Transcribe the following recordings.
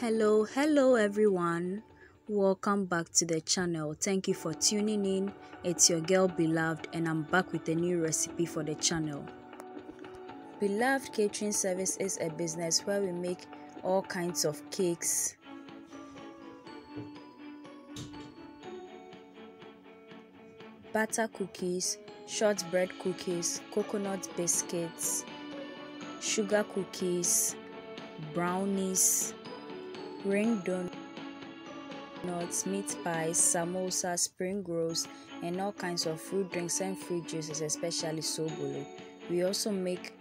hello hello everyone welcome back to the channel thank you for tuning in it's your girl beloved and i'm back with a new recipe for the channel beloved catering service is a business where we make all kinds of cakes butter cookies shortbread cookies coconut biscuits sugar cookies brownies ring donuts, meat pies, samosa, spring rolls, and all kinds of fruit drinks and fruit juices, especially sobolo. We also make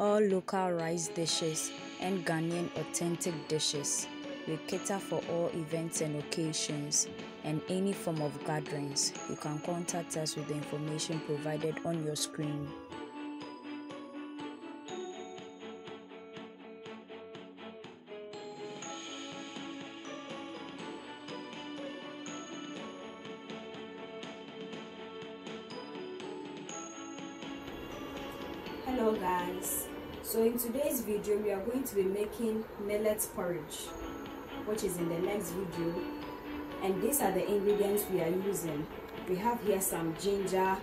all local rice dishes and Ghanaian authentic dishes. We cater for all events and occasions and any form of gatherings. You can contact us with the information provided on your screen. hello guys so in today's video we are going to be making millet porridge which is in the next video and these are the ingredients we are using we have here some ginger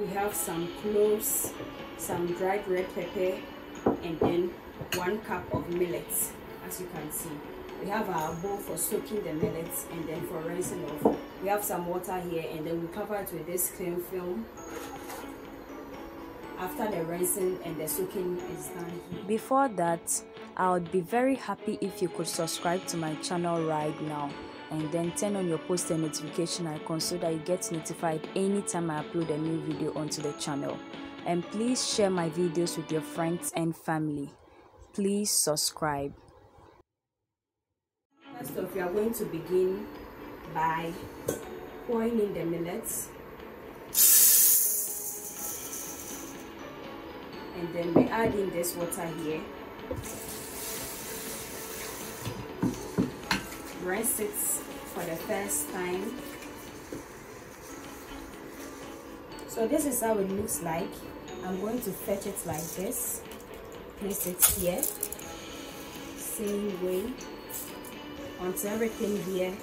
we have some cloves some dried red pepper and then one cup of millet as you can see we have our bowl for soaking the millet and then for rinsing off we have some water here and then we cover it with this cling film after the rinsing and the soaking is done. Before that, I would be very happy if you could subscribe to my channel right now and then turn on your post and notification icon so that you get notified anytime I upload a new video onto the channel. And please share my videos with your friends and family. Please subscribe. First off, we are going to begin by pouring in the millets. and then we add in this water here rinse it for the first time so this is how it looks like i'm going to fetch it like this place it here same way until everything here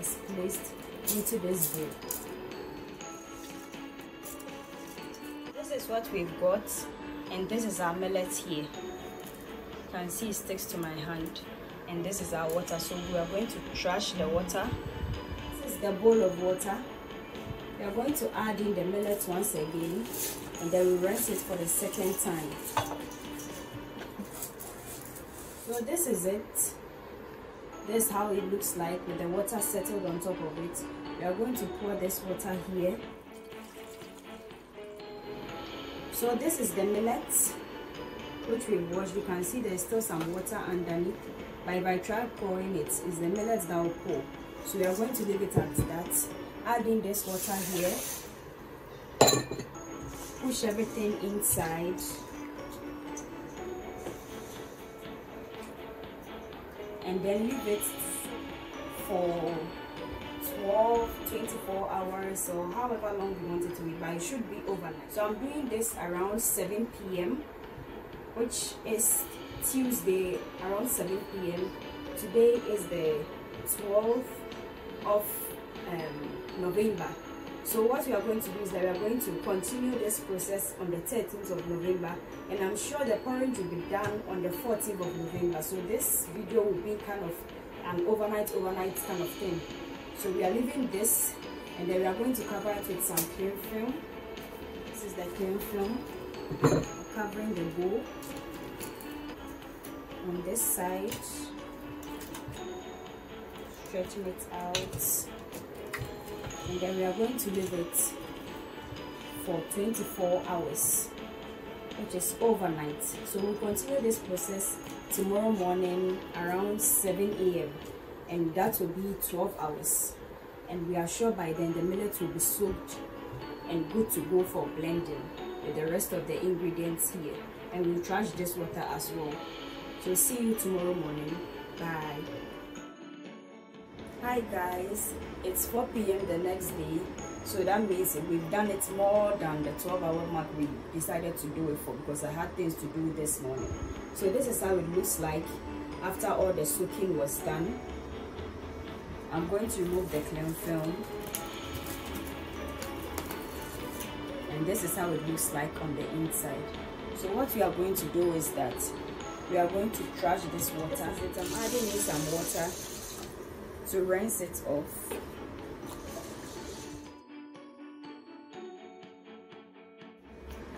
is placed into this bowl this is what we've got and this is our millet here you can see it sticks to my hand and this is our water so we are going to trash the water this is the bowl of water we are going to add in the millet once again and then we rinse it for the second time so this is it this is how it looks like with the water settled on top of it we are going to pour this water here so this is the millet which we washed you can see there's still some water underneath but if i try pouring it it's the millet that will pour so we are going to leave it at that adding this water here push everything inside and then leave it for 12 24 hours or however long you want it to be but it should be overnight so i'm doing this around 7 p.m which is tuesday around 7 p.m today is the 12th of um, november so what we are going to do is that we are going to continue this process on the 13th of November and I'm sure the porridge will be done on the 14th of November. So this video will be kind of an overnight, overnight kind of thing. So we are leaving this and then we are going to cover it with some cling film. This is the cling film covering the bowl on this side, stretching it out and then we are going to leave it for 24 hours which is overnight so we'll continue this process tomorrow morning around 7 a.m and that will be 12 hours and we are sure by then the millet will be soaked and good to go for blending with the rest of the ingredients here and we'll trash this water as well so see you tomorrow morning bye hi guys it's 4 p.m the next day so that means we've done it more than the 12 hour mark we decided to do it for because i had things to do this morning so this is how it looks like after all the soaking was done I'm going to remove the cling film. And this is how it looks like on the inside. So what we are going to do is that we are going to trash this water. I'm adding in some water to rinse it off.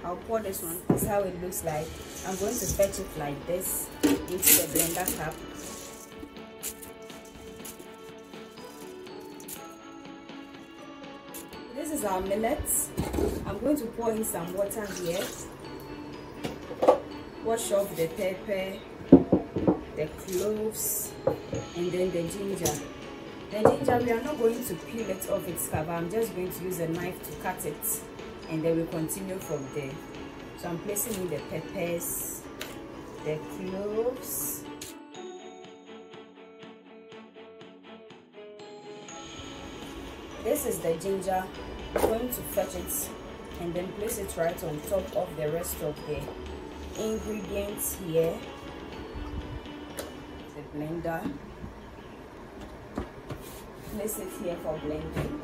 I'll pour this one. This is how it looks like. I'm going to fetch it like this into the blender cup this is our millet. I'm going to pour in some water here. Wash off the pepper, the cloves, and then the ginger. The ginger, we are not going to peel it off its cover. I'm just going to use a knife to cut it. And then we continue from there. So I'm placing in the peppers, the cloves, this is the ginger going to fetch it and then place it right on top of the rest of the ingredients here the blender place it here for blending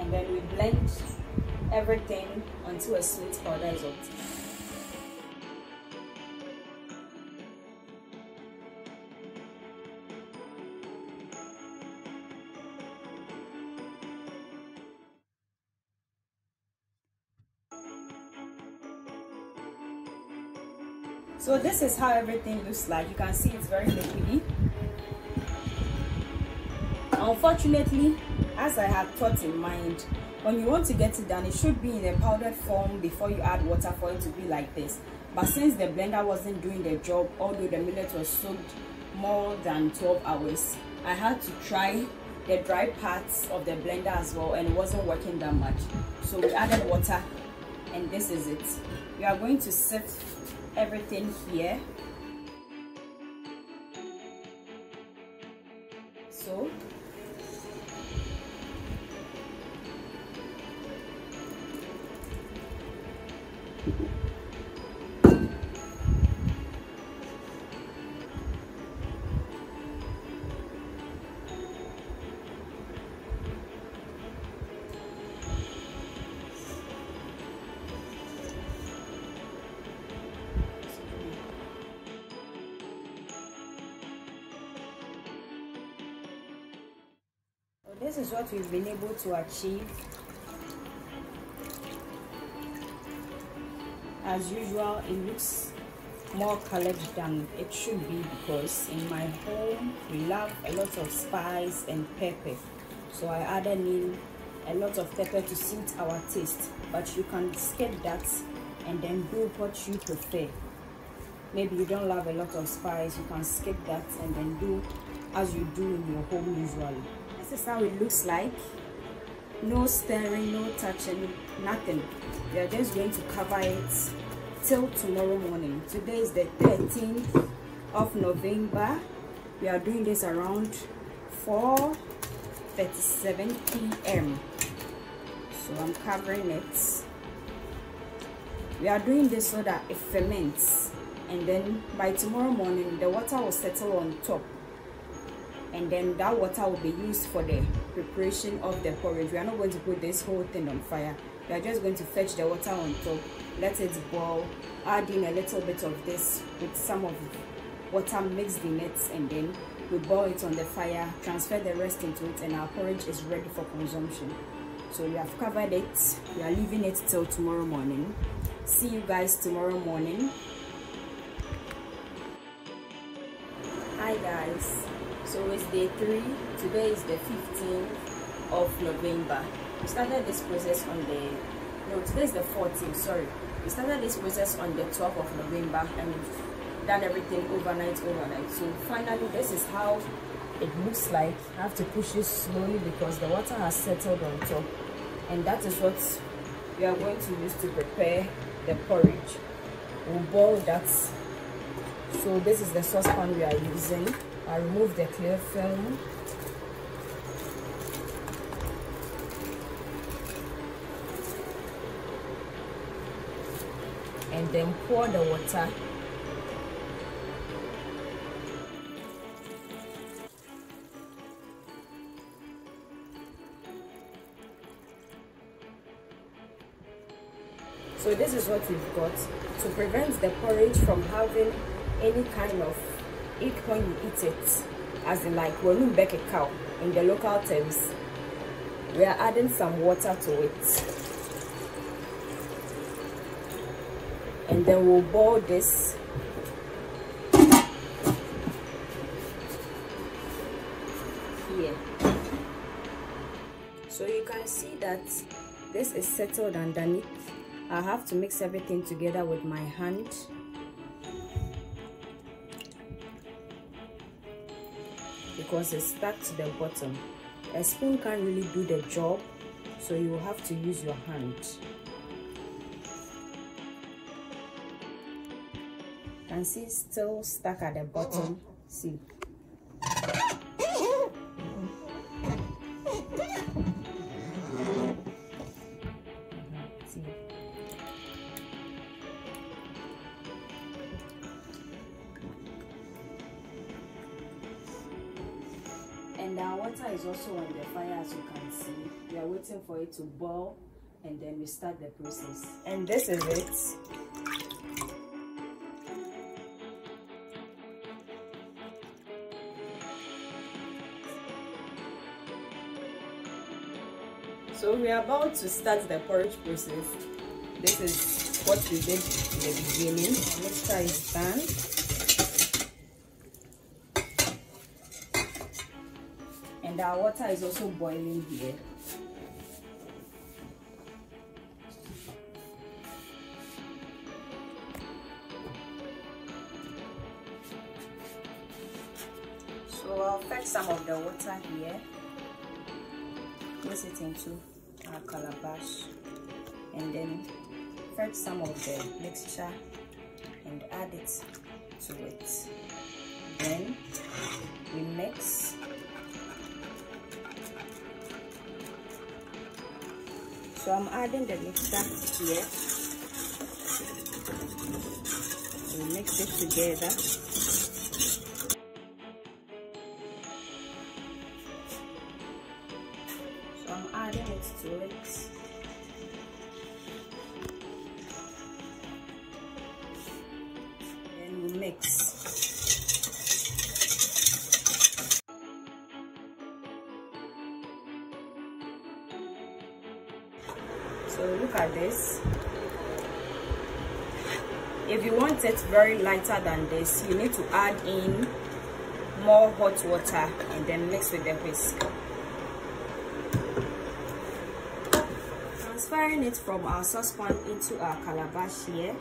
and then we blend everything until a sweet powder is obtained So this is how everything looks like. You can see it's very liquidy. Unfortunately, as I had thought in mind, when you want to get it done, it should be in a powdered form before you add water for it to be like this. But since the blender wasn't doing the job, although the millet was soaked more than 12 hours, I had to try the dry parts of the blender as well and it wasn't working that much. So we added water and this is it. We are going to sift everything here so Thank you. This is what we've been able to achieve. As usual, it looks more colored than it should be because in my home we love a lot of spice and pepper so i added in a lot of pepper to suit our taste but you can skip that and then do what you prefer maybe you don't love a lot of spice you can skip that and then do as you do in your home usually this is how it looks like no stirring no touching nothing we are just going to cover it till tomorrow morning today is the 13th of november we are doing this around 4 37 p.m so i'm covering it we are doing this so that it ferments and then by tomorrow morning the water will settle on top and then that water will be used for the preparation of the porridge we are not going to put this whole thing on fire we are just going to fetch the water on top let it boil add in a little bit of this with some of water mixed in it and then we boil it on the fire transfer the rest into it and our porridge is ready for consumption so we have covered it we are leaving it till tomorrow morning see you guys tomorrow morning hi guys so it's day three. Today is the 15th of November. We started this process on the, no, today is the 14th, sorry. We started this process on the 12th of November and we've done everything overnight, overnight. So finally, this is how it looks like. I have to push it slowly because the water has settled on top. And that is what we are going to use to prepare the porridge. We'll boil that. So this is the saucepan we are using. I remove the clear film and then pour the water So this is what we've got to prevent the porridge from having any kind of when you eat it, as in like we're a cow in the local terms. We are adding some water to it. And then we'll boil this here. So you can see that this is settled underneath. I have to mix everything together with my hand because it's stuck to the bottom. A spoon can't really do the job, so you will have to use your hand. can see it's still stuck at the bottom. See, is also on the fire as you can see. We are waiting for it to boil and then we start the process. And this is it. So we are about to start the porridge process. This is what we did in the beginning. Our mixture is done. our water is also boiling here so I'll fetch some of the water here place it into our calabash and then fetch some of the mixture and add it to it then we mix So I'm adding the mixture here. we mix it together. so look at this if you want it very lighter than this you need to add in more hot water and then mix with the whisk transferring it from our saucepan into our calabash here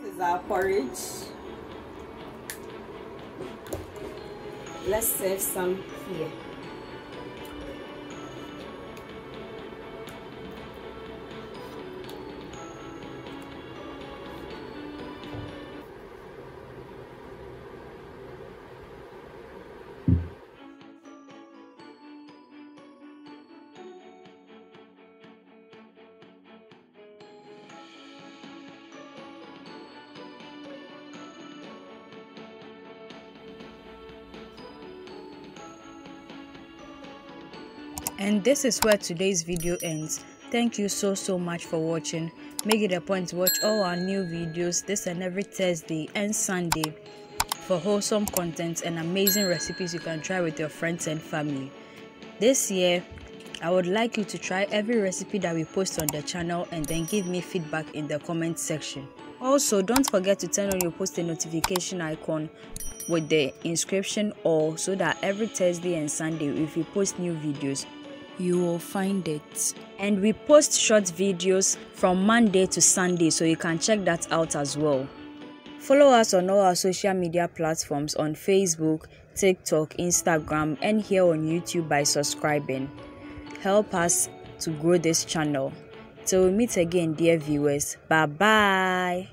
this is our porridge let's save some here and this is where today's video ends thank you so so much for watching make it a point to watch all our new videos this and every thursday and sunday for wholesome content and amazing recipes you can try with your friends and family this year i would like you to try every recipe that we post on the channel and then give me feedback in the comment section also don't forget to turn on your post a notification icon with the inscription or so that every thursday and sunday if you post new videos you will find it. And we post short videos from Monday to Sunday, so you can check that out as well. Follow us on all our social media platforms on Facebook, TikTok, Instagram, and here on YouTube by subscribing. Help us to grow this channel. Till we meet again, dear viewers. Bye bye.